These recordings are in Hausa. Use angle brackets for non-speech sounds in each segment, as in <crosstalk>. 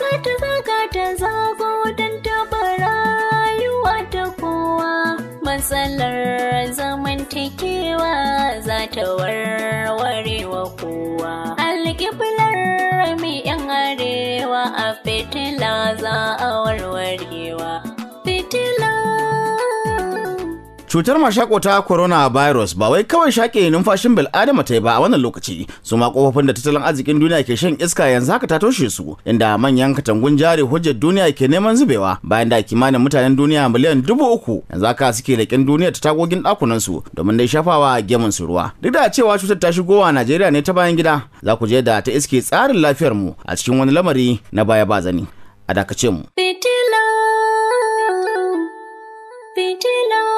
Za ta zaga ta zago don rayuwa ta kowa matsalar zamantakewa za ta warware wa kowa alƙiblar mai yan arewa a fitila za a warware cutar shaƙo ta coronavirus ba wai kawai shaƙe numfashin bil'adama ta yi ba a wannan lokaci su ma kofofin da tattalin arzikin duniya ke shan iska yanzu haka ta toshe su inda manyan katangun jari hujjar duniya ke neman zubewa bayan da kimanin mutanen duniya miliyan dubu uku yanzu haka suke leƙen duniya ta tagogin ɗakunan su domin dai shafawa gemun su ruwa duk da cewa cutar ta shigo Najeriya ne ta bayan gida za ku je da ta iske tsarin lafiyar mu a cikin wani lamari na baya ba zani a dakace mu fitila fitila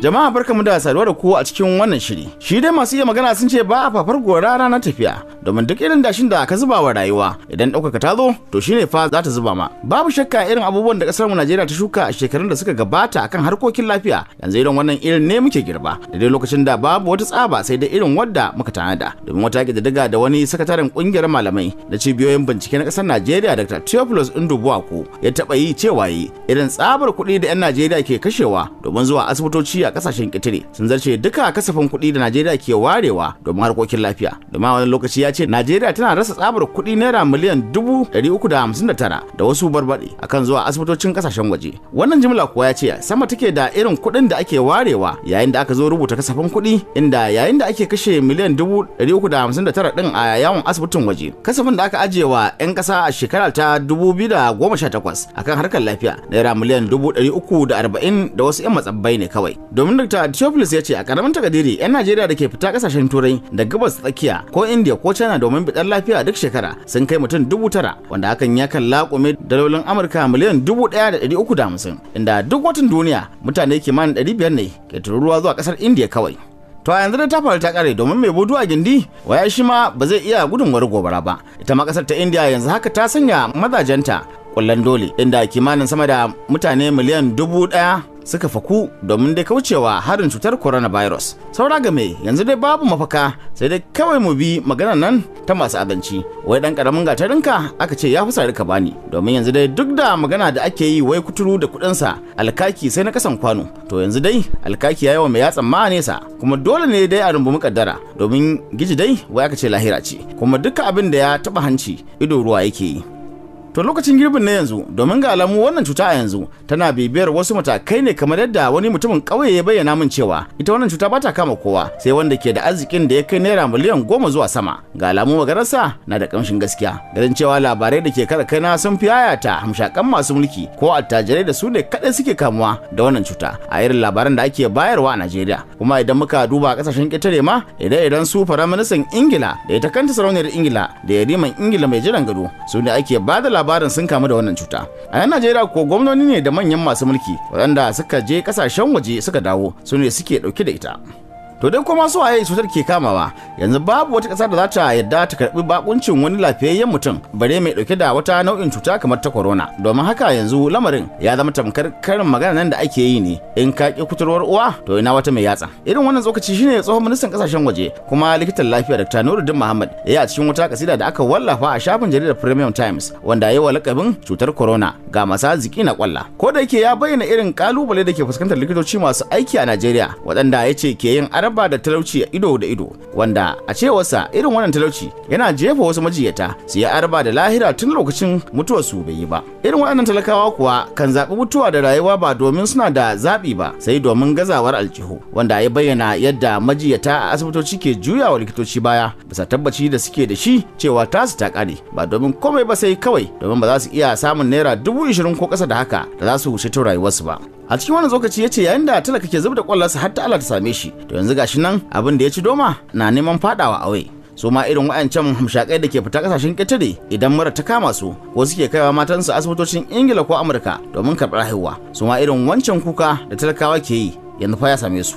Jama'a barkamu da saduwa da ku a cikin wannan shiri. Shi dai masu iya magana sun ce ba a fafar gora rana tafiya. domin duk irin dashin da ka zuba wa rayuwa idan ɗaukaka ta zo to shine fa za ta zuba ma babu shakka irin abubuwan da ƙasar mu Najeriya ta shuka a shekarun da suka gabata akan harkokin lafiya yanzu irin wannan irin ne muke girba da dai lokacin da babu wata tsaba sai dai irin wadda muka tanada domin wata yake da wani sakataren ƙungiyar malamai da cibiyoyin bincike na ƙasar Najeriya Dr. Theophilus Ndubuaku ya taɓa yi cewa yi irin tsabar kuɗi da 'yan Najeriya ke kashewa domin zuwa asibitoci a ƙasashen ƙetare sun zarce duka kasafin kuɗi da Najeriya ke warewa domin harkokin lafiya domin wani lokaci ya ce Najeriya tana rasa tsabar kuɗi naira miliyan dubu ɗari uku da hamsin da tara da wasu barbaɗe akan zuwa asibitocin ƙasashen waje. Wannan jimla kuwa ya ce sama take da irin kuɗin da ake warewa yayin da aka zo rubuta kasafin kuɗi inda yayin da ake kashe miliyan dubu ɗari uku da hamsin da tara ɗin a yawon asibitin waje. Kasafin da aka ajiye wa 'yan ƙasa a shekara ta dubu biyu da goma sha takwas akan harkar lafiya naira miliyan dubu ɗari uku da arba'in da wasu 'yan matsabbai ne kawai. Domin Dr. Theophilus ya ce a ƙaramin takadiri 'yan Najeriya da ke fita ƙasashen Turai da gabas tsakiya ko India ko China Indiana domin bidar lafiya duk shekara sun kai mutum dubu tara wanda hakan ya kan laƙume dalolin Amurka miliyan dubu ɗaya da ɗari uku da hamsin inda duk watan duniya mutane kimanin ɗari biyar ne ke tururuwa zuwa ƙasar Indiya kawai. to yanzu da ta faru ta kare domin mai budu a gindi waya shi ma ba zai iya gudunmuwar gobara ba ita ma kasar ta indiya yanzu haka ta sanya mazajenta kullan dole inda kimanin sama da mutane miliyan dubu ɗaya. suka faku domin dai kaucewa harin cutar coronavirus saura ga mai yanzu dai babu mafaka sai dai kawai mu bi magana nan ta masu abinci wai dan karamin gatarinka aka ce ya fusa rika bani domin yanzu dai duk da magana da ake yi wai kuturu da kudinsa alkaki sai na kasan kwano to yanzu dai alkaki ya yawa mai yatsan ma nesa kuma dole ne dai a rumbu kaddara domin giji dai wai aka ce lahira ce kuma duka abin da ya taɓa hanci ido ruwa yake yi To lokacin girbin na yanzu domin ga alamu wannan cuta a yanzu tana bibiyar wasu matakai ne kamar yadda wani mutumin ƙauye ya bayyana min cewa ita wannan cuta bata kama kowa sai wanda ke da arzikin da ya kai naira miliyan goma zuwa sama. Ga alamu magararsa na da kamshin gaskiya. Garin cewa labarai da ke kara kaina sun fi yayata hamshakan masu mulki ko attajirai da su ne kaɗai suke kamuwa da wannan cuta a irin labaran da ake bayarwa a Najeriya. Kuma idan muka duba kasashen ƙetare ma idan-idan su firaministan Ingila da ita kanta sarauniyar Ingila da yariman Ingila mai jiran gado su ne ake ba da labarai labarin sun kamu da wannan cuta a yan najeriya ko gwamnoni ne da manyan masu mulki waɗanda suka je kasashen waje suka dawo su ne suke ɗauke da ita to dai kuma su waye cutar ke kamawa yanzu babu wata ƙasa da za ta yadda ta karɓi bakuncin wani lafiyayyen mutum bare mai ɗauke da wata nau'in cuta kamar ta corona domin haka yanzu lamarin ya zama tamkar karin magana nan da ake yi ne in ka ƙi kuturwar uwa to ina wata mai yatsa irin wannan tsokaci shine tsohon ministan kasashen waje kuma likitan lafiya Dr. Nuruddin Muhammad ya yi a cikin wata kasida da aka wallafa a shafin jaridar Premium Times wanda ya wa lakabin cutar corona ga masa ziki na kwalla ko da yake ya bayyana irin kalubale da ke fuskantar likitoci masu aiki a Najeriya waɗanda ya ce ke yin aran raba da talauci a ido da ido wanda a cewarsa irin wannan talauci yana jefa wasu majiyata su yi arba da lahira tun lokacin mutuwar su bai yi ba irin waɗannan talakawa kuwa kan zaɓi mutuwa da rayuwa ba domin suna da zaɓi ba sai domin gazawar aljihu wanda ya bayyana yadda majiyata a asibitoci ke juyawa likitoci baya bisa tabbaci da suke da shi cewa tasu ta ƙare ba domin komai ba sai kawai domin ba za su iya samun naira dubu ishirin ko ƙasa da haka da za su wuce ta rayuwarsu ba a cikin wannan lokaci ya ce yayin da talaka ke zubda da kwallonsa har ta Allah ta same shi to yanzu gashi nan abin da ya ci doma na neman fadawa awai su ma irin wayancan hamshakai da ke fita kasashen ƙetare idan mura ta kama su ko suke kaiwa matansu asibitocin ingila ko amurka domin karɓar haihuwa su ma irin wancan kuka da talakawa ke yi yanzu fa ya same su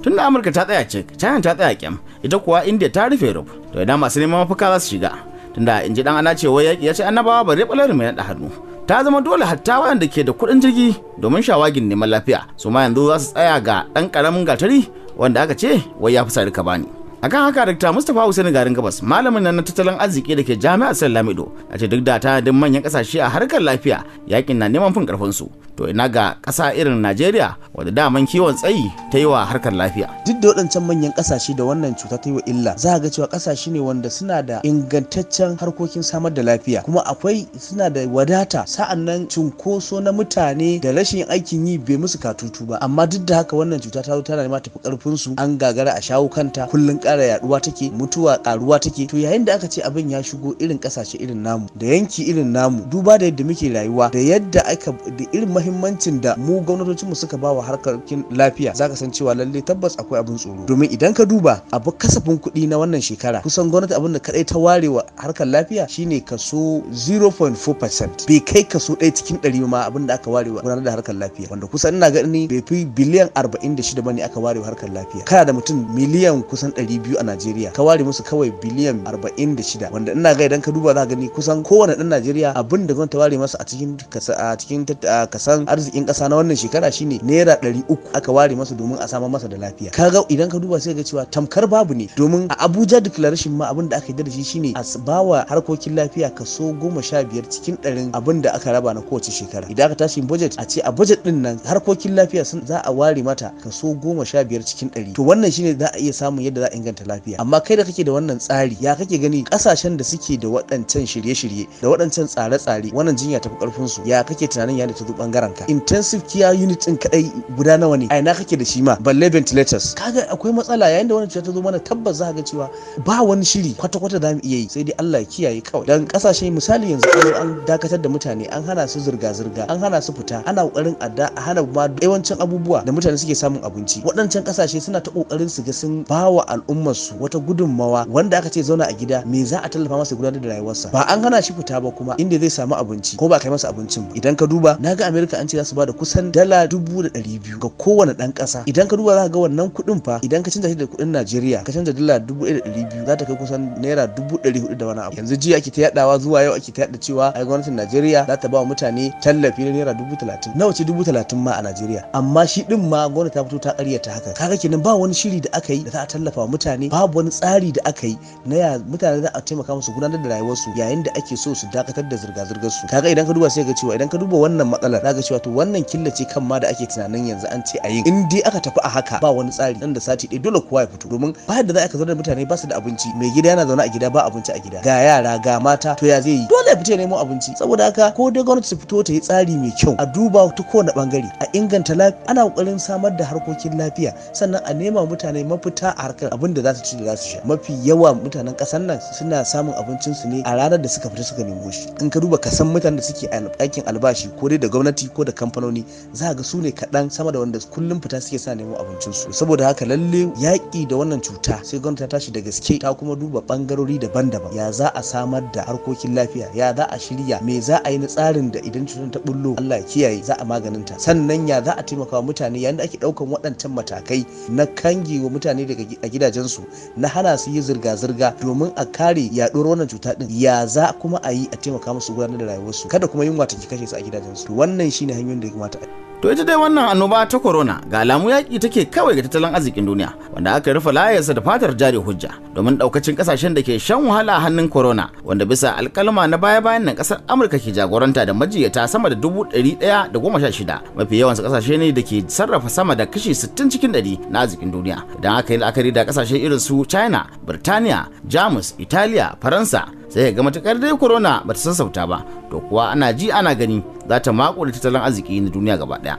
tun da amurka ta tsaya cik china ta tsaya kyam ita kuwa india ta rufe rub to idan masu neman mafaka za su shiga tunda in ji dan ana ce wai yaki ya ce annabawa bare balari mai naɗa hannu ta zama dole hatta waɗanda ke da kuɗin jirgi domin shawagin neman lafiya su ma yanzu za su tsaya ga dan karamin gatari wanda aka ce wai ya fi sarika bani akan haka Dr. Mustapha Hussein Garin Gabas malamin nan na tattalin arziki da ke Jami'ar Lamido a ce duk da ta din manyan kasashe a harkar lafiya yakin na neman fin karfin su to ina ga kasa irin Najeriya wadda daman kiwon tsayi ta yi wa harkar lafiya duk da waɗancan manyan kasashe da wannan cuta ta yi wa illa za ga cewa kasashe ne wanda suna da ingantaccen harkokin samar da lafiya kuma akwai suna da wadata sa'an nan cunkoso na mutane da rashin aikin yi bai musu katutu ba amma duk da haka wannan cuta ta zo tana nema tafi karfin su an gagara a shawo kanta kullum kara yaduwa take mutuwa karuwa take to yayin da aka ce abin ya shigo irin ƙasashe irin namu da yanki irin namu duba da yadda muke rayuwa da yadda aka da irin mahimmancin da mu gwamnatocin mu suka bawa harkar lafiya zaka san cewa lalle tabbas akwai abin tsoro domin idan ka duba abu kasafin kuɗi na wannan shekara kusan gwamnati abin da kadai ta ware wa harkar lafiya shine kaso 0.4% bai kai kaso 1 cikin ɗari ma abin da aka ware wa gudanar da harkar lafiya wanda kusan ina gani bai fi biliyan 46 bane aka ware wa harkar lafiya kana da mutum miliyan kusan 200 biyu a Najeriya ka ware musu kawai biliyan 46 wanda ina ga idan ka duba za gani kusan kowane dan Najeriya abin da gwamnati ware masa a cikin a cikin kasan arzikin kasa na wannan shekara shine naira 300 aka ware masa domin a samar masa da lafiya kaga idan ka duba sai ga cewa tamkar babu ne domin a Abuja declaration ma abin da aka yi da shi shine a bawa harkokin lafiya kaso 15 cikin 100 abin da aka raba na kowace shekara idan aka tashi budget a ce a budget din nan harkokin lafiya sun za a ware mata kaso 15 cikin 100 to wannan shine za a iya samun yadda za a inganta lafiya amma kai da kake da wannan tsari ya kake gani kasashen da suke da waɗancan shirye-shirye da waɗancan tsare-tsare wannan jinya tafi karfin su ya kake tunanin ya da ta bangaren ka intensive care unit din kadai guda nawa ne a ina kake da shi ma balle ventilators kaga akwai matsala yayin da wannan cuta ta zo mana tabbas za ga cewa ba wani shiri kwata-kwata da mu iya yi sai dai Allah ya kiyaye kawai dan kasashe misali yanzu an dakatar da mutane an hana su zirga-zirga an hana su fita ana kokarin adda a hana ma yawancin abubuwa da mutane suke samun abinci waɗancan kasashe suna ta kokarin su ga sun bawa al'umma su wata gudunmawa wanda aka ce zauna a gida me za a tallafa masa gudanar da rayuwarsa ba an hana shi fita ba kuma inda zai samu abinci ko ba kai masa abincin ba idan ka duba na ga america an ce za su ba da kusan dala dubu da ɗari biyu ga kowane ɗan ƙasa idan ka duba za ka ga wannan kuɗin fa idan ka canza shi da kuɗin najeriya ka canza dala dubu ɗaya da ɗari biyu za ta kai kusan naira dubu ɗari hudu da wani abu yanzu jiya ake ta yaɗawa zuwa yau ake ta yaɗa cewa ai gwamnatin najeriya za ta ba wa mutane tallafi na naira dubu talatin nawa ce dubu talatin ma a najeriya amma shi ɗin ma gwamnati ta fito ta ƙaryata haka kaga kenan ba wani shiri da aka yi da za a tallafa wa mutane mutane babu wani tsari da aka yi na ya mutane za a taimaka musu gudanar da rayuwarsu yayin da ake so su dakatar da zirga-zirgar su kaga idan ka duba sai ka cewa idan ka duba wannan matsalar zaka cewa to wannan killace kan ma da ake tunanin yanzu an ce a yi in dai aka tafi a haka ba wani tsari nan da sati ɗaya dole kowa ya fito domin ba da za a zauna da mutane ba su da abinci mai gida yana zaune a gida ba abinci a gida ga yara ga mata to ya zai yi dole ya fita nemo abinci saboda haka ko dai gwamnati su fito ta yi tsari mai kyau a duba ta kowane bangare a inganta lafiya ana kokarin samar da harkokin lafiya sannan a nema mutane mafita a harkar abin abin da za su ci da za su sha mafi yawa mutanen kasar nan suna samun abincin su ne a ranar da suka fita suka nemo shi in ka duba kasan mutanen da suke aikin albashi ko dai da gwamnati ko da kamfanoni za ga su ne kaɗan sama da wanda kullum fita suke sa nemo abincin su saboda haka lalle yaƙi da wannan cuta sai gwamnati ta tashi da gaske ta kuma duba bangarori daban-daban ya za a samar da harkokin lafiya ya za a shirya me za a yi na tsarin da idan cutar ta bullo Allah ya kiyaye za a maganin ta. sannan ya za a taimaka mutane yayin da ake daukan waɗancan matakai na kangewa mutane daga gidajen gidajensu na hana su yi zirga-zirga domin a kare yaɗuwar wannan cuta din ya za kuma a yi a taimaka musu gudanar da rayuwarsu kada kuma yunwa ta kashe su a gidajensu wannan shine hanyoyin da ya kamata a To ita dai wannan annoba ta corona ga alamu yaƙi take kawai ga tattalin arzikin duniya wanda aka rufe layarsa da fatar jari hujja domin ɗaukacin ƙasashen da ke shan wahala a hannun corona wanda bisa alkalma na baya-bayan nan ƙasar Amurka ke jagoranta da majiyata sama da dubu ɗari ɗaya da goma sha shida mafi yawansu ƙasashe ne da ke sarrafa sama da kashi sittin cikin ɗari na arzikin duniya idan aka yi la'akari da ƙasashe irin su China, Birtaniya, Jamus, Italiya, Faransa, sai ga matakar dai corona ba ta sassauta ba to kuwa ana ji ana gani za ta makula tattalin arziki na duniya gaba daya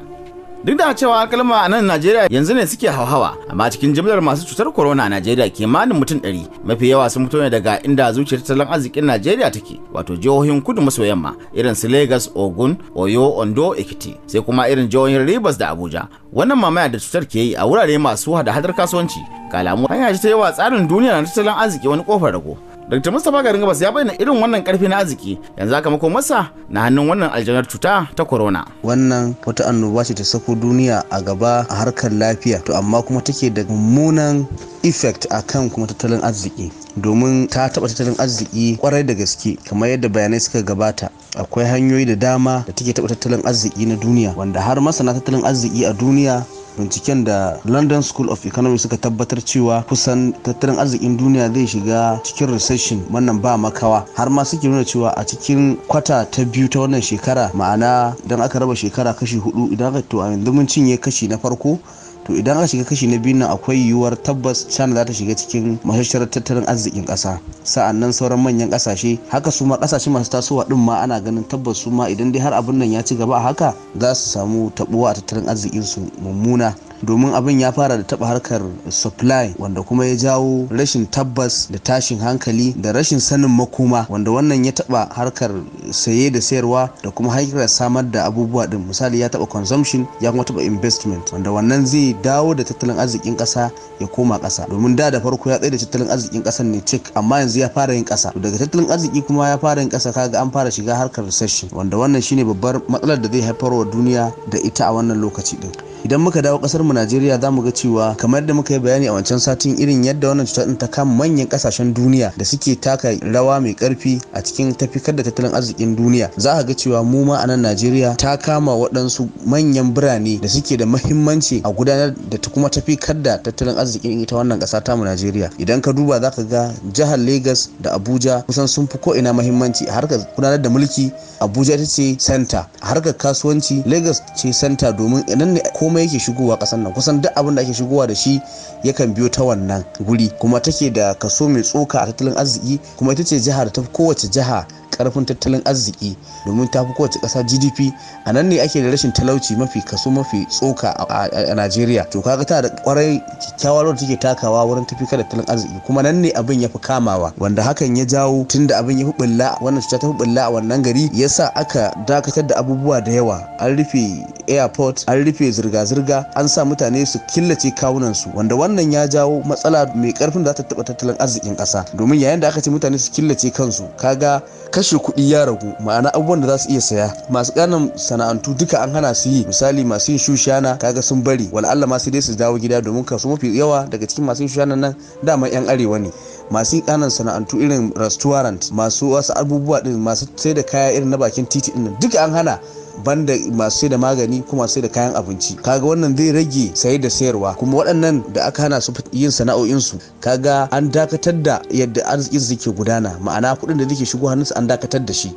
duk da cewa kalma a nan najeriya yanzu ne suke hauhawa amma cikin jimlar masu cutar corona a najeriya kimanin mutum 100 mafi yawa sun fito ne daga inda zuciyar tattalin arzikin najeriya take wato jihohin kudu maso yamma irin su lagos ogun oyo ondo ekiti sai kuma irin jihohin rivers da abuja wannan mamaya da cutar ke yi a wurare masu hada hadar kasuwanci kalamu hanya ta yawa tsarin duniya na tattalin arziki wani kofar rago Dr. Mustapha Garin Gabas ya bayyana irin wannan karfi na arziki yanzu haka masa na hannun wannan aljanar cuta ta corona. Wannan wata annoba ce ta sako duniya a gaba a harkar lafiya to amma kuma take da mummunan effect akan kuma tattalin arziki. domin ta taba tattalin arziki kwarai da gaske kamar yadda bayanai suka gabata akwai hanyoyi da dama da take taba tattalin arziki na duniya wanda har masana tattalin arziki a duniya binciken da london school of economics suka tabbatar cewa kusan tattalin arzikin duniya zai shiga cikin recession wannan ba makawa har ma suke nuna cewa a cikin kwata ta biyu ta wannan shekara ma'ana don aka raba shekara kashi hudu idan aka to a yanzu mun cinye kashi na farko to idan aka shiga kashi na biyu nan akwai yiwuwar tabbas china za ta shiga cikin mashashar tattalin arzikin ƙasa sa'annan sauran manyan kasashe haka su ma ƙasashe masu tasowa din ma ana ganin tabbas su ma idan dai har abin nan ya ci gaba a haka za su samu tabuwa a tattalin arzikin su mummuna domin abin ya fara da taba harkar supply wanda kuma ya jawo rashin tabbas da tashin hankali da rashin sanin makoma wanda wannan ya taba harkar saye da sayarwa da kuma harkar samar da abubuwa din misali ya taba consumption ya kuma taba investment wanda wannan zai dawo da tattalin arzikin kasa ya koma kasa domin da da farko ya tsaye da tattalin arzikin ƙasa ne cik amma yanzu ya fara yin kasa daga tattalin arziki kuma ya fara yin kasa kaga an fara shiga harkar recession wanda wannan shine babbar matsalar da zai haifar wa duniya da ita a wannan lokaci din idan muka dawo kasar mu Najeriya za mu ga cewa kamar da muka yi bayani a wancan satin irin yadda wannan cuta din ta kama manyan kasashen duniya da suke taka rawa mai karfi a cikin tafikar da tattalin arzikin duniya za ka ga cewa mu ma a nan Najeriya ta kama waɗansu manyan birane da suke da mahimmanci a gudanar da ta kuma tafikar da tattalin arzikin ita wannan kasa ta mu Najeriya idan ka duba za ka ga jihar Lagos da Abuja kusan sun fi ko ina mahimmanci a harkar gudanar da mulki Abuja ita ce center a harkar kasuwanci Lagos ce center domin nan ne ko komai yake shigowa kasan nan kusan duk abin da ake shigowa da shi yakan biyo ta wannan guri kuma take da kaso mai tsoka a tattalin arziki kuma ita ce jihar ta kowace jiha karfin tattalin arziki domin ta fi kowace ƙasa gdp a nan ne ake da rashin talauci mafi kaso mafi tsoka a najeriya to kaga tana da kwarai kyakkyawar da take takawa wurin tafi kada tattalin arziki kuma nan ne abin ya fi kamawa wanda hakan ya jawo tun da abin ya fi bulla wannan cuta ta fi bulla a wannan gari yasa aka dakatar da abubuwa da yawa an rufe airport an rufe zirga-zirga an sa mutane su killace kawunansu wanda wannan ya jawo matsala mai karfin da za ta taɓa tattalin arzikin ƙasa domin yayin da aka ce mutane su killace kansu kaga kashi kashe kuɗi ya ragu ma'ana abubuwan da za su iya saya masu ƙanan sana'antu duka an hana su yi misali masu yin shushana kaga sun bari wala Allah ma sai dai su dawo gida domin kasu mafi yawa daga cikin masu yin shushana nan dama yan arewa ne masu kanan sana'antu irin restaurant masu wasu abubuwa din masu sai da kaya irin na bakin titi din duka an hana banda masu sai da magani kuma sai da kayan abinci kaga wannan zai rage saye da sayarwa kuma waɗannan da aka hana su yin sana'o'insu kaga an dakatar da yadda arzikin su ke gudana ma'ana kuɗin da zai shigo hannunsu an dakatar da shi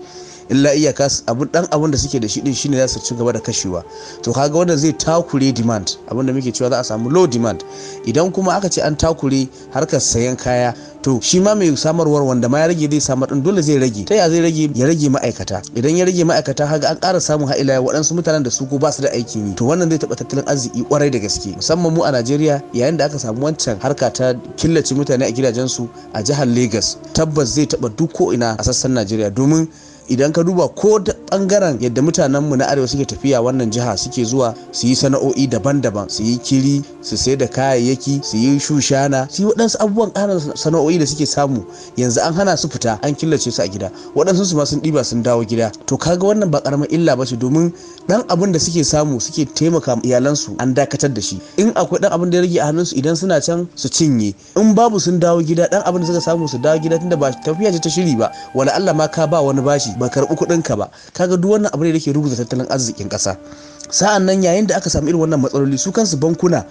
illa iyaka abun dan abun da suke da shi din shine za su ci gaba da kashewa to kaga wannan zai takure demand da muke cewa za a samu low demand idan kuma aka ce an takure harkar sayan kaya to shi ma mai samarwar wanda ma ya rage zai samar din dole zai rage ta ya zai rage ya rage ma'aikata idan ya rage ma'aikata kaga an ƙara samun ha'ila waɗansu mutanen da su ko ba su da aikin yi to wannan zai taɓa tattalin arziki kwarai da gaske musamman mu a Najeriya yayin da aka samu wancan harka ta killace mutane a gidajensu a jihar Lagos tabbas zai taɓa duk ko ina a sassan Najeriya domin idan ka duba ko da bangaren yadda mutanen mu na arewa suke tafiya wannan jiha suke zuwa su yi sana'o'i daban-daban su yi kiri su sai da kayayyaki su yi shushana su yi waɗansu abubuwan ƙarin sana'o'i da suke samu yanzu an hana su fita an killace su a gida waɗansu su ma sun ɗiba sun dawo gida to kaga wannan ba ƙaramin illa ba ce domin ɗan abin da suke samu suke taimaka iyalansu an dakatar da shi in akwai ɗan abin da ya rage a hannunsu idan suna can su cinye in babu sun dawo gida ɗan abin da suka samu su dawo gida tunda ba tafiya ce ta shiri ba wani Allah ma ka ba wani bashi ba karɓi kuɗin ka ba kaga duk wannan abu ne da ke ruguza tattalin arzikin ƙasa sa'an nan yayin da aka samu irin wannan matsaloli su kansu bankuna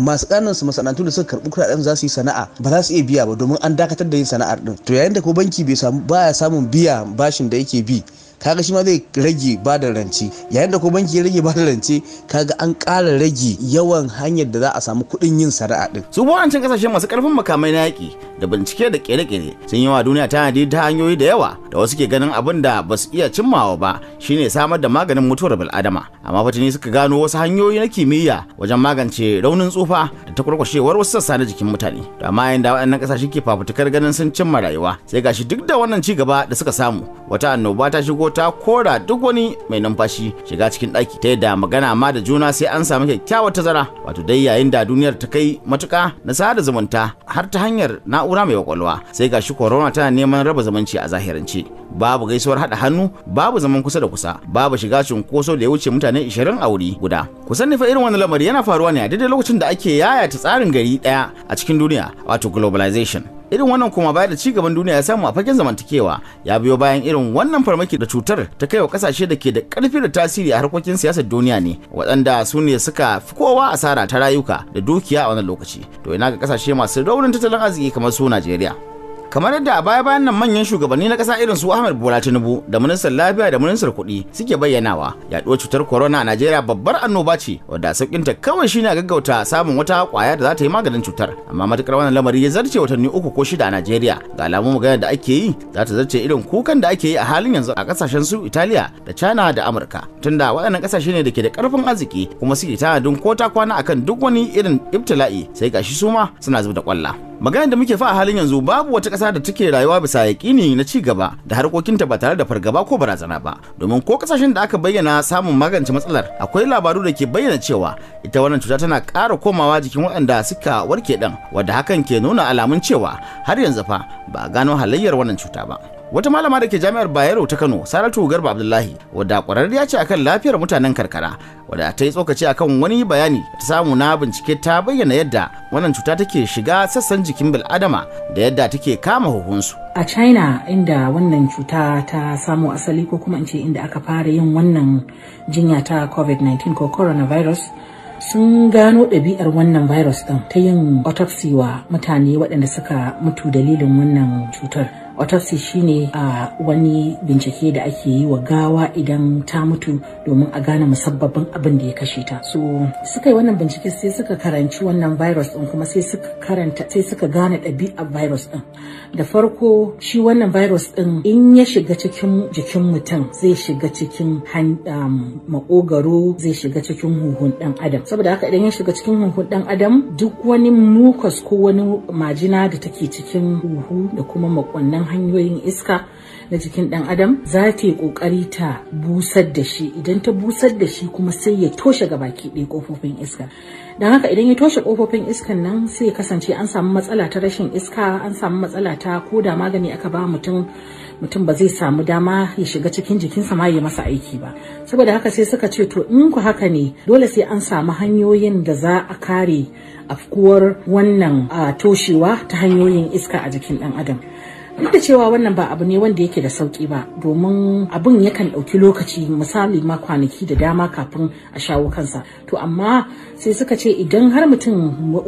masu ƙananan su masana'antu da suka karɓi kuɗaɗen za su yi sana'a ba za su iya biya ba domin an dakatar da yin sana'ar din to yayin da ko banki bai samu baya samun biya bashin da yake bi kaga shi ma zai rage ba da rance yayin da ko banki ya rage ba da rance kaga an ƙara rage yawan hanyar da za a samu kuɗin yin sara'a din su wancan kasashen masu ƙarfin makamai na yaƙi da bincike da ƙere-ƙere sun yi wa duniya ta tanadi ta hanyoyi da yawa da wasu ke ganin abin da ba su iya cimmawa ba shine samar da maganin mutuwar bil'adama amma fatini suka gano wasu hanyoyi na kimiyya wajen magance raunin tsufa da takwarkwashewar wasu sassa na jikin mutane da amma yayin da waɗannan ƙasashe ke fafutukar ganin sun cimma rayuwa sai gashi duk da wannan ci gaba da suka samu wata annoba ta shigo ta kora duk wani mai numfashi shiga cikin ɗaki ta yadda magana ma da juna sai an samu kyakkyawar tazara wato dai yayin da duniyar ta kai matuka na sada zumunta har ta hanyar na'ura mai kwakwalwa sai gashi corona tana neman raba zamanci a zahirance babu gaisuwar haɗa hannu babu zaman kusa da kusa babu shiga cunkoso da ya wuce mutane 20 a wuri guda kusan fa irin wani lamari yana faruwa ne a daidai lokacin da ake yayata tsarin gari ɗaya a cikin duniya wato globalization irin wannan kuma baya da cigaban duniya ya samu a fagen zamantakewa ya biyo bayan irin wannan farmaki da cutar ta kai wa kasashe da ke da karfi da tasiri a harkokin siyasar duniya ne waɗanda su ne suka fi kowa asara ta rayuka da dukiya a wannan lokaci to ina ga kasashe masu raunin tattalin arziki kamar su Najeriya kamar yadda a baya bayan nan manyan shugabanni na kasa irin su Ahmed Bola Tinubu da ministan lafiya da ministan kuɗi suke bayyanawa yaduwar cutar corona a Najeriya babbar annoba ce wadda saukin ta kawai shine gaggauta samun wata kwaya da za ta yi maganin cutar amma matukar wannan lamari ya zarce watanni uku ko shida a Najeriya ga alamun magana da ake yi za ta zarce irin kukan da ake yi a halin yanzu a kasashen su Italiya da China da Amurka tunda waɗannan kasashe ne da ke da karfin arziki kuma suke tanadin ko ta kwana akan duk wani irin ibtila'i sai gashi su ma suna zuba da kwalla magana da muke fa a halin yanzu babu wata kasa ƙasa da take rayuwa bisa yaƙini na ci gaba da harkokinta ba tare da fargaba ko barazana ba domin ko ƙasashen da aka bayyana samun magance matsalar akwai labaru da ke bayyana cewa ita wannan cuta tana ƙara komawa jikin waɗanda suka warke ɗan wadda hakan ke nuna alamun cewa har yanzu fa ba a gano halayyar wannan cuta ba. wata malama da ke jami'ar bayero ta kano saratu garba abdullahi wadda kwararriya ce akan lafiyar mutanen karkara wadda ta yi tsokaci akan wani bayani ta samu na bincike ta bayyana yadda wannan cuta take shiga sassan jikin bil'adama da yadda take kama huhunsu a china inda wannan cuta ta samu asali ko kuma in ce inda aka fara yin wannan jinya ta covid-19 ko coronavirus sun gano ɗabi'ar wannan virus ɗin ta yin autopsy wa mutane waɗanda suka mutu dalilin wannan cutar autopsy shine a wani bincike da ake yi wa gawa idan ta mutu domin a gane musabbabin abin da ya kashe ta so suka yi wannan bincike sai suka karanci wannan virus din kuma sai suka karanta sai suka gane ɗabi'ar virus din da farko shi wannan virus din in ya shiga cikin jikin mutum zai shiga cikin um, makogaro zai shiga cikin huhun dan adam saboda haka idan ya shiga cikin huhun dan adam duk wani mucus ko wani majina da take cikin huhu da kuma makonnan hanyoyin iska na jikin ɗan adam za ta yi ƙoƙari ta busar da shi idan ta busar da shi kuma sai ya toshe ga baki ɗaya ƙofofin iska don haka idan ya toshe ƙofofin iskan nan sai ya kasance an samu matsala ta rashin iska an samu matsala ta ko da magani aka ba mutum mutum ba zai samu dama ya shiga cikin jikinsa ma ya masa aiki ba saboda haka sai suka ce to in ku haka ne dole sai an samu hanyoyin da za a kare afkuwar wannan toshewa ta hanyoyin iska a jikin ɗan adam duk da cewa wannan ba abu ne wanda yake da sauki ba domin abun yakan ɗauki lokaci misali ma kwanaki da dama kafin a shawo kansa to amma sai suka ce idan har mutum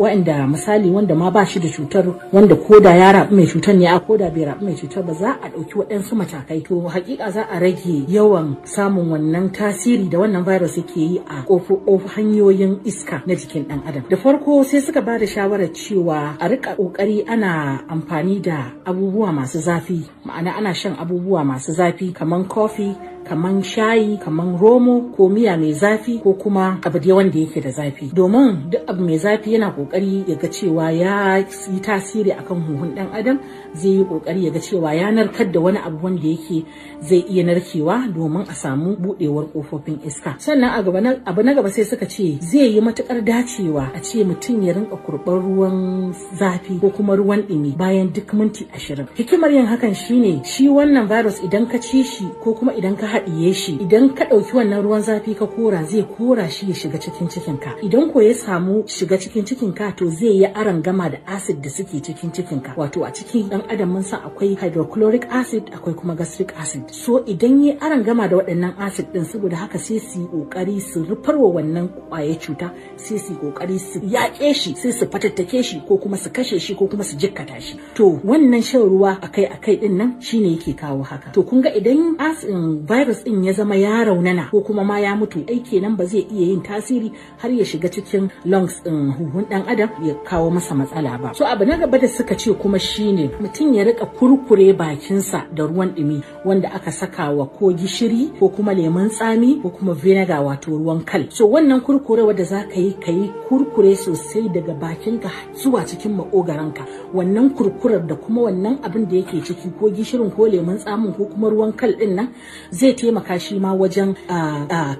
wa'anda misali wanda ma ba shi da cutar wanda koda ya rabu mai cutar ne a koda bai rabu mai cutar ba za a ɗauki waɗansu matakai to hakika za a rage yawan samun wannan tasiri da wannan virus yake yi a kofofin hanyoyin iska na jikin ɗan adam da farko sai suka ba da shawarar cewa a rika ƙoƙari ana amfani da abubuwa masu zafi ma'ana ana shan abubuwa masu zafi kamar kofi kaman shayi kaman romo ko miya mai zafi ko kuma abu dai wanda yake da zafi domin duk abu mai zafi yana kokari ya ga cewa ya yi tasiri akan huhun dan adam zai yi kokari ya ga cewa ya narkar da wani abu wanda yake zai iya narkewa domin a samu budewar kofofin iska sannan a gaba abu na gaba sai suka ce zai yi matukar dacewa a ce mutum ya rinka kurban ruwan zafi ko kuma ruwan ɗumi bayan duk minti ashirin hikimar yin hakan shine shi wannan virus idan ka ci shi ko kuma idan ka haɗiye shi idan ka ɗauki wannan ruwan zafi ka kora zai kora shi ya shiga cikin cikin idan ko ya samu shiga cikin cikin ka to zai yi aran gama da acid da suke cikin cikin ka wato a cikin dan adam mun san akwai hydrochloric acid akwai kuma gastric acid so idan ya aran gama da waɗannan acid ɗin, saboda haka sai su yi kokari su rufarwa wannan kwaye cuta sai su yi kokari su yaƙe shi sai su fatattake shi ko kuma su kashe shi ko kuma su jikkata shi to wannan shan ruwa akai-akai din nan shine yake kawo haka to kun ga idan acid um, virus din ya zama ya raunana ko kuma ma ya mutu ai kenan ba zai iya yin tasiri har ya shiga cikin lungs din huhun dan adam ya kawo masa matsala ba so abu na gaba da suka ce kuma shine mutum ya rika kurkure bakinsa da ruwan dumi wanda aka saka wa ko gishiri ko kuma lemun tsami ko kuma vinegar wato ruwan kal so wannan kurkure da zaka yi ka kurkure sosai daga bakinka zuwa cikin makogaranka wannan kurkurar da kuma wannan abin da yake ciki ko gishirin ko lemun tsamin ko kuma ruwan kal din nan zai taimaka shi ma wajen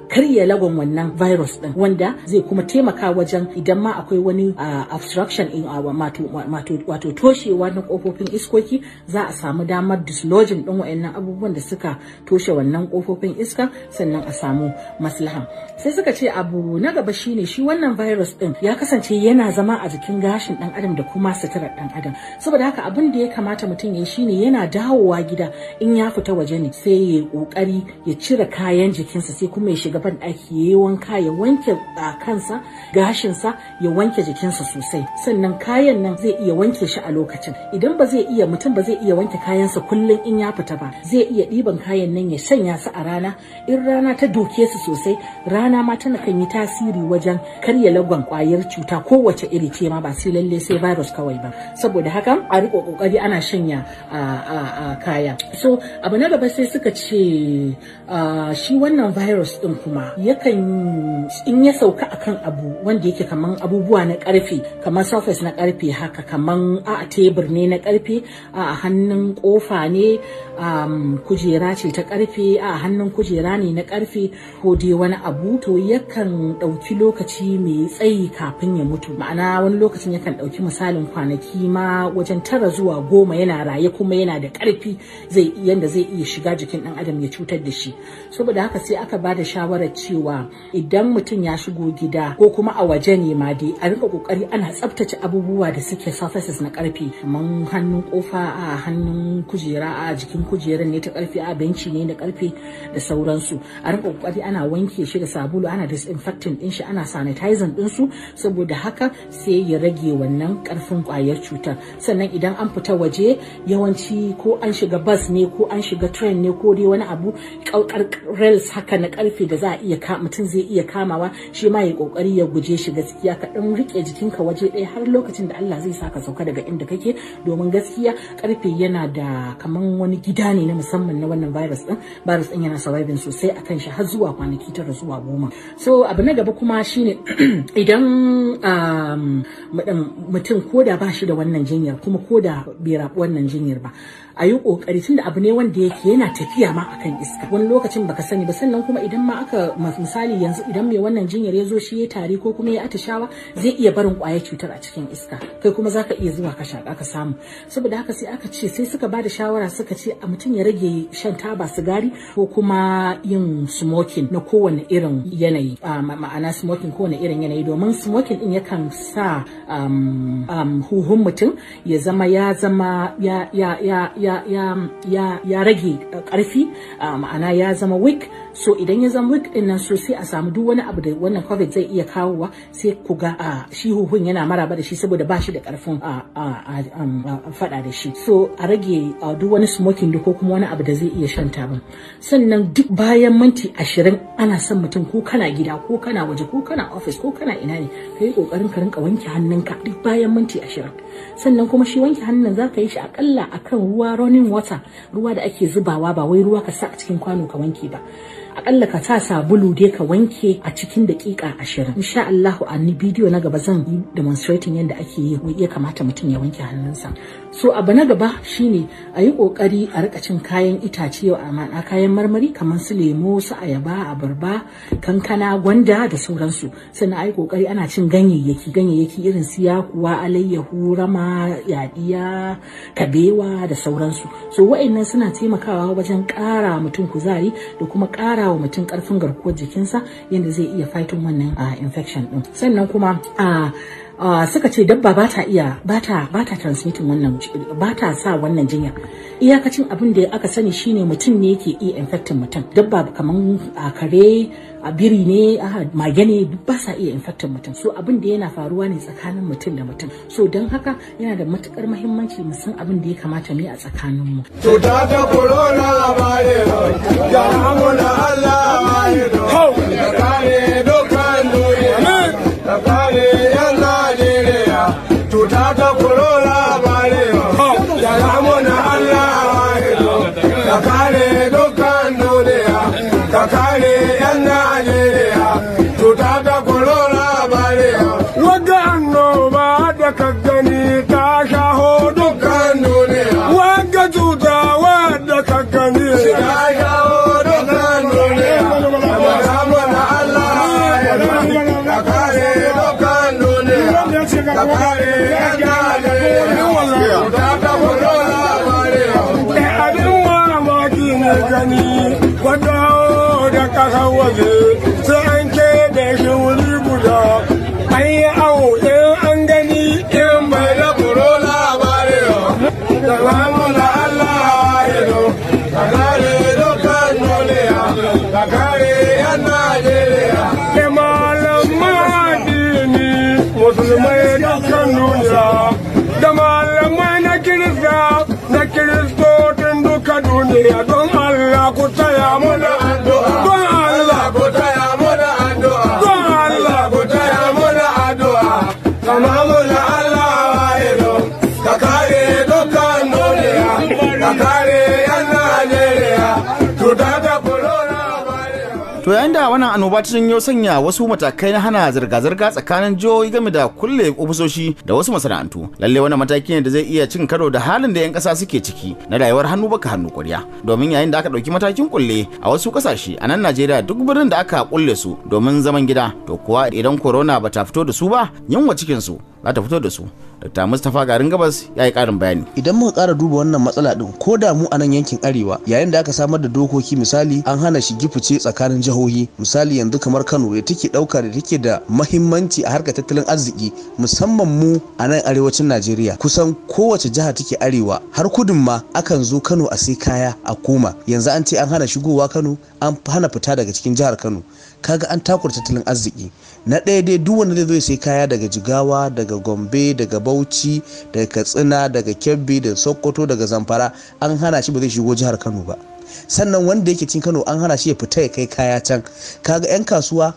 karya lagon wannan virus din wanda zai kuma taimaka wajen idan ma akwai wani obstruction in wato toshewa na kofofin iskoki za a samu damar dislodging din wayannan abubuwan da suka toshe wannan kofofin iska sannan a samu maslaha sai suka ce abu na gaba shine shi wannan virus din ya kasance yana zama a jikin gashin dan adam da kuma suturar dan adam saboda haka abin da ya kamata mutum ya shine yana dawowa gida in ya fita waje ne sai ya kokari ya cire kayan jikinsa sai kuma ya shiga banɗaki ya yi wanka ya wanke kansa gashinsa ya wanke jikinsa sosai sannan kayan nan zai iya wanke shi a lokacin idan ba zai iya mutum ba zai iya wanke kayansa kullum in ya fita ba zai iya ɗiban kayan nan ya sanya su a rana in rana ta doke su sosai rana ma tana kan yi tasiri wajen karya lagon kwayar cuta kowace iri ce ma ba sai lalle sai virus kawai ba saboda haka a riƙo ƙoƙari ana shanya a kaya so abu na gaba sai suka ce shi wannan virus din kuma yakan in ya sauka akan abu wanda yake kaman abubuwa na karfe kaman surface na karfe haka kaman a tebur ne na karfe a hannun kofa ne kujera ce ta karfe a hannun kujera ne na karfe ko dai wani abu to yakan dauki lokaci mai tsayi kafin ya mutu ma'ana wani lokacin yakan dauki misalin kwanaki ma wajen tara zuwa goma yana raye kuma yana da karfi zai yanda zai iya shiga jikin dan adam ya cutar da shi saboda haka sai aka ba da shawarar cewa idan mutum ya shigo gida ko kuma a waje ne ma dai a rika kokari ana tsaftace abubuwa da suke surfaces na karfe kamar hannun kofa a hannun kujera a jikin kujerar ne ta karfe a benci ne na karfe da sauransu a rika kokari ana wanke shi da sabulu ana disinfecting din shi ana sanitizing din su saboda haka sai ya rage wannan karfin kwayar cutar sannan idan an fita waje yawanci ko an shiga bus ne ko an shiga train ne ko dai wani abu rails haka na karfe da za a iya mutum zai iya kamawa shi ma ya kokari ya guje shi gaskiya ka dan rike jikinka waje ɗaya har lokacin da Allah zai saka sauka daga inda kake domin gaskiya karfe yana da kaman wani gida ne na musamman na wannan virus din virus din yana surviving sosai akan shi har zuwa kwanaki tara zuwa goma so abu na gaba kuma shine <clears throat> idan um, mutum koda ba shi da wannan jinyar kuma koda bai rabu wannan jinyar ba a yi kokari tunda abu ne wanda yake yana tafiya ma akan isa wani lokacin baka sani ba sannan kuma idan ma aka misali yanzu idan mai wannan jinyar ya zo shi ya tari ko kuma ya atishawa zai iya barin kwayar cutar a cikin iska kai kuma zaka iya zuwa ka shaka ka samu saboda haka sai aka ce sai suka bada shawara suka ce a mutum ya rage shan taba sigari ko kuma yin smoking na kowane irin yanayi ma'ana smoking kowane irin yanayi domin smoking din yakan sa huhun mutum ya zama ya zama ya ya ya ya ya rage karfi ma'ana ya zama weak so idan ya zama weak din nan so sai a samu duk wani abu da wannan covid zai iya kawowa sai ku ga shi huhun yana maraba da shi saboda ba shi da karfin a um, fada da shi so a rage duk wani smoking da ko kuma wani abu da zai iya shan tabin sannan duk bayan minti ashirin ana son mutum ko kana gida ko kana waje ko kana office ko kana ina ne ka yi kokarin ka rinka wanke hannunka duk bayan minti ashirin sannan kuma shi wanke hannun za ka yi shi akalla kan ruwa running water ruwa da ake zubawa ba wai ruwa ka sa a cikin kwano ka wanke ba akalla ka sa sabulu dai ka wanke a cikin daƙiƙa ashirin insha Allahu a ni bidiyo na gaba zan yi demonstrating yadda ake yi ya kamata mutum ya wanke hannunsa so abu na gaba shine a yi ƙoƙari a rika cin kayan itace yau a kayan marmari kamar su lemo su ayaba abarba kankana gwanda da sauransu sannan a yi ƙoƙari ana cin ganyayyaki ganyayyaki irin su yakuwa alayyahu rama yadiya kabewa da sauransu so wa'annan suna taimakawa wajen ƙara mutum kuzari da kuma ƙara ƙara wa mutum ƙarfin garkuwar jikinsa yadda zai iya fighting wannan ah, infection din sannan kuma ah, Ah, suka ce dabba ba ta iya ba ta transmitting wannan ba ta sa wannan jinya iyakacin abin da aka sani shine mutum ne yake iya infecting mutum dabba kaman ah, kare a ah, biri ne a ba sa iya infecting mutum so abin da yana faruwa ne tsakanin mutum da mutum so don haka yana da matukar muhimmanci mu abin da ya kamata mu yi a tsakanin mu Allah हुआ to yayin da wannan annoba ta janyo sanya wasu matakai na hana zirga-zirga tsakanin jihohi game da kulle ofisoshi da wasu masana'antu lalle wani mataki ne da zai iya cin karo da halin da 'yan ƙasa suke ciki na rayuwar hannu baka hannu ƙwarya domin yayin da aka ɗauki matakin kulle a wasu ƙasashe a nan Najeriya duk birnin da aka kulle su domin zaman gida to kuwa idan corona ba ta fito da su ba yunwa cikin su za ta fito da su dr mustapha garin gabas ya yi karin bayani idan muka kara duba wannan matsala din ko da mu a nan yankin arewa yayin da aka samar da dokoki misali an hana shi gifice tsakanin jihohi misali yanzu kamar kano ya take dauka da take da mahimmanci a harkar tattalin arziki musamman mu a nan arewacin najeriya kusan kowace jiha take arewa har kudun ma akan zo kano a sai kaya a koma yanzu an ce an hana shigowa kano an hana fita daga cikin jihar kano kaga an takura tattalin arziki na ɗaya dai duk wanda zai zo sai kaya daga jigawa daga gombe daga bauchi daga katsina daga kebbi da sokoto daga zamfara an hana shi ba zai shigo jihar kano ba sannan wanda yake cin kano an hana shi ya fita ya kai kaya can kaga 'yan kasuwa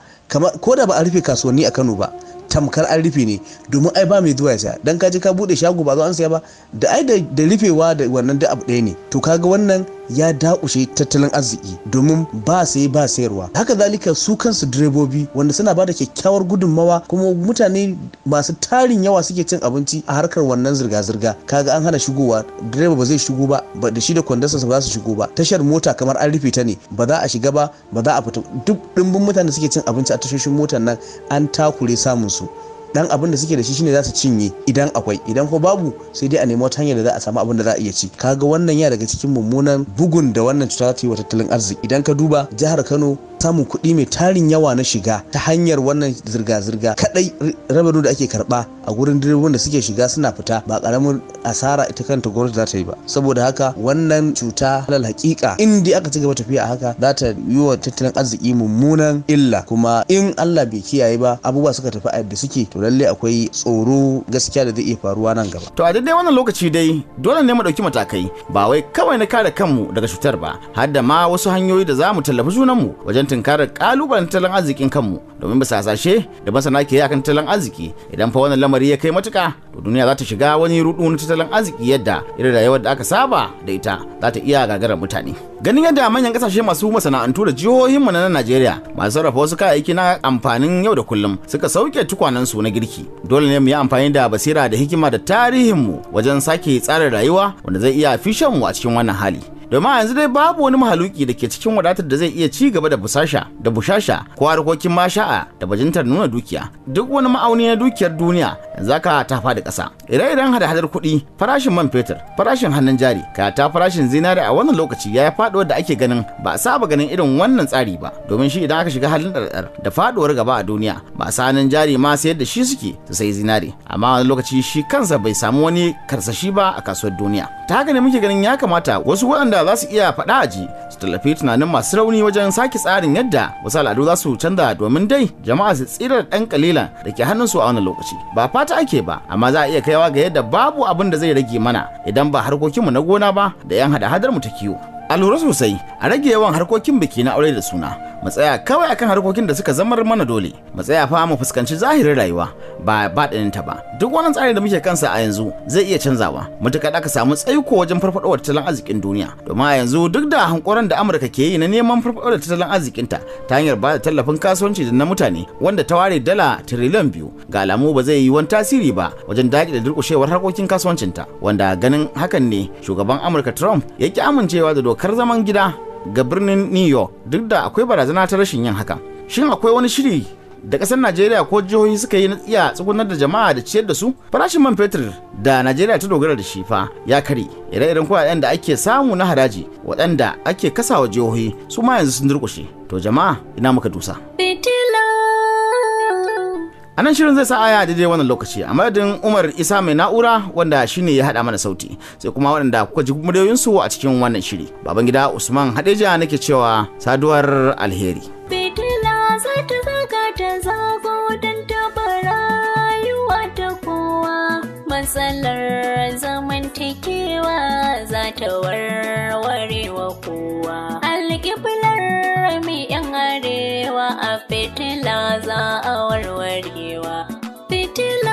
ko da ba a rufe kasuwanni a kano ba tamkar an rufe ne domin ai ba mai zuwa ya dan ka ji ka bude shago ba zo an saya ba da ai da rufewa da wannan da abu ɗaya ne to kaga wannan ya dakushe tattalin arziki domin ba sai ba sayarwa haka zalika su kansu direbobi wanda suna bada kyakkyawar gudunmawa kuma mutane masu tarin yawa suke cin abinci a harkar wannan zirga-zirga kaga an hana shigowa direba ba zai shigo ba da shi da kwandarsa ba za su shigo ba tashar mota kamar an rufe ta ne ba za a shiga ba ba za a fita duk dimbin mutane suke cin abinci a tashoshin motar nan an takure samun su dan abin da suke da shi shine za su cinye idan akwai idan ko babu sai dai a nemi wata hanya da za a samu abin da za a iya ci kaga wannan ya daga cikin mummunan bugun da wannan cuta za ta yi wa tattalin arziki idan ka duba jihar Kano samun kuɗi mai tarin yawa na shiga ta hanyar wannan zirga-zirga kadai rabanu da ake karba a gurin direbobin da suke shiga suna fita ba karamin asara ita kanta gwamnati za ta yi ba saboda haka wannan cuta halal hakika in dai aka ci gaba tafiya haka za ta yi wa tattalin arziki mummunan illa kuma in Allah bai kiyaye ba abubuwa suka tafi a yadda suke to lalle akwai tsoro gaskiya da zai iya faruwa nan gaba to a daidai wannan lokaci dai dole ne mu ɗauki matakai ba wai kawai na kare kanmu daga cutar ba har da ma wasu hanyoyi da za mu tallafi junanmu wajen tunkarar kalubalen tattalin arzikin kanmu domin ba sasashe da masana ke akan tattalin arziki idan fa wannan lamari ya kai matuka to duniya za ta shiga wani rudu na tattalin arziki yadda irin rayuwar da aka saba da ita za ta iya gagarar mutane ganin yadda manyan kasashe masu masana'antu da jihohin mu na Najeriya masu sarrafa wasu kayayyaki na amfanin yau da kullum suka sauke tukwanen su na girki dole ne mu yi amfani da basira da hikima da tarihin mu wajen sake tsara rayuwa wanda zai iya fishan mu a cikin wannan hali domin yanzu dai babu wani mahaluki da ke cikin wadatar da zai iya ci gaba da busasha da bushasha ko harkokin masha'a da bajintar nuna dukiya duk wani ma'auni na dukiyar duniya yanzu ka tafa da ƙasa ire-iren hada-hadar kuɗi farashin man fetur farashin hannun jari ta farashin zinari a wannan lokaci ya yi faɗuwar da ake ganin ba a saba ganin irin wannan tsari ba domin shi idan aka shiga halin ɗarɗar da faɗuwar gaba a duniya ba masu hannun jari ma sayar da shi suke su sayi zinari amma wani lokaci shi kansa bai samu wani karsashi ba a kasuwar duniya ta haka ne muke ganin ya kamata wasu waɗanda da za su iya faɗa a ji su tallafi tunanin masu rauni wajen sake tsarin yadda wasu al'adu za su canza domin dai jama'a su tsira da ɗan kalilan da ke hannun su a wani lokaci ba fata ake ba amma za a iya kaiwa ga yadda babu abin da zai rage mana idan ba harkokinmu na gona ba da 'yan hada-hadar mu ta kiwo a lura sosai a rage yawan harkokin biki na aure da suna matsaya kawai akan harkokin da suka zamar mana dole matsaya tsaya fa mu fuskanci zahirin rayuwa ba baɗinin ta ba duk wannan tsarin da muke kansa a yanzu zai iya canzawa mutuka aka samu tsaiko wajen farfadowar tattalin arzikin duniya domin a yanzu duk da hankoron da amurka ke yi na neman da tattalin arzikin ta ta hanyar ba da tallafin kasuwanci da na mutane wanda ta ware dala tiriliyan biyu ga alamu ba zai yi wani tasiri ba wajen daƙi da durƙushewar harkokin kasuwancinta wanda ganin hakan ne shugaban amurka trump ya ki amincewa da dokar zaman gida ga birnin new york duk da akwai barazana ta rashin yin hakan shin akwai wani shiri da ƙasar najeriya ko jihohi suka yi na tsiya tsugunar da jama'a da ciyar da su farashin man fetur da najeriya ta dogara da shi fa ya kare ire-iren kuɗaɗen da ake samu na haraji waɗanda ake kasawa jihohi su ma yanzu sun durƙushe to jama'a ina muka dusa. a nan shirin zai sa aya daidai wannan lokaci a madadin umar isa mai na'ura wanda shine ya haɗa mana sauti sai kuma waɗanda kuka ji muryoyinsu a cikin wannan shiri babangida usman hadeja nake cewa saduwar alheri matsalar zamantakewa za ta warware wa kowa mi yan arewa a fitila za a warwarewa fitila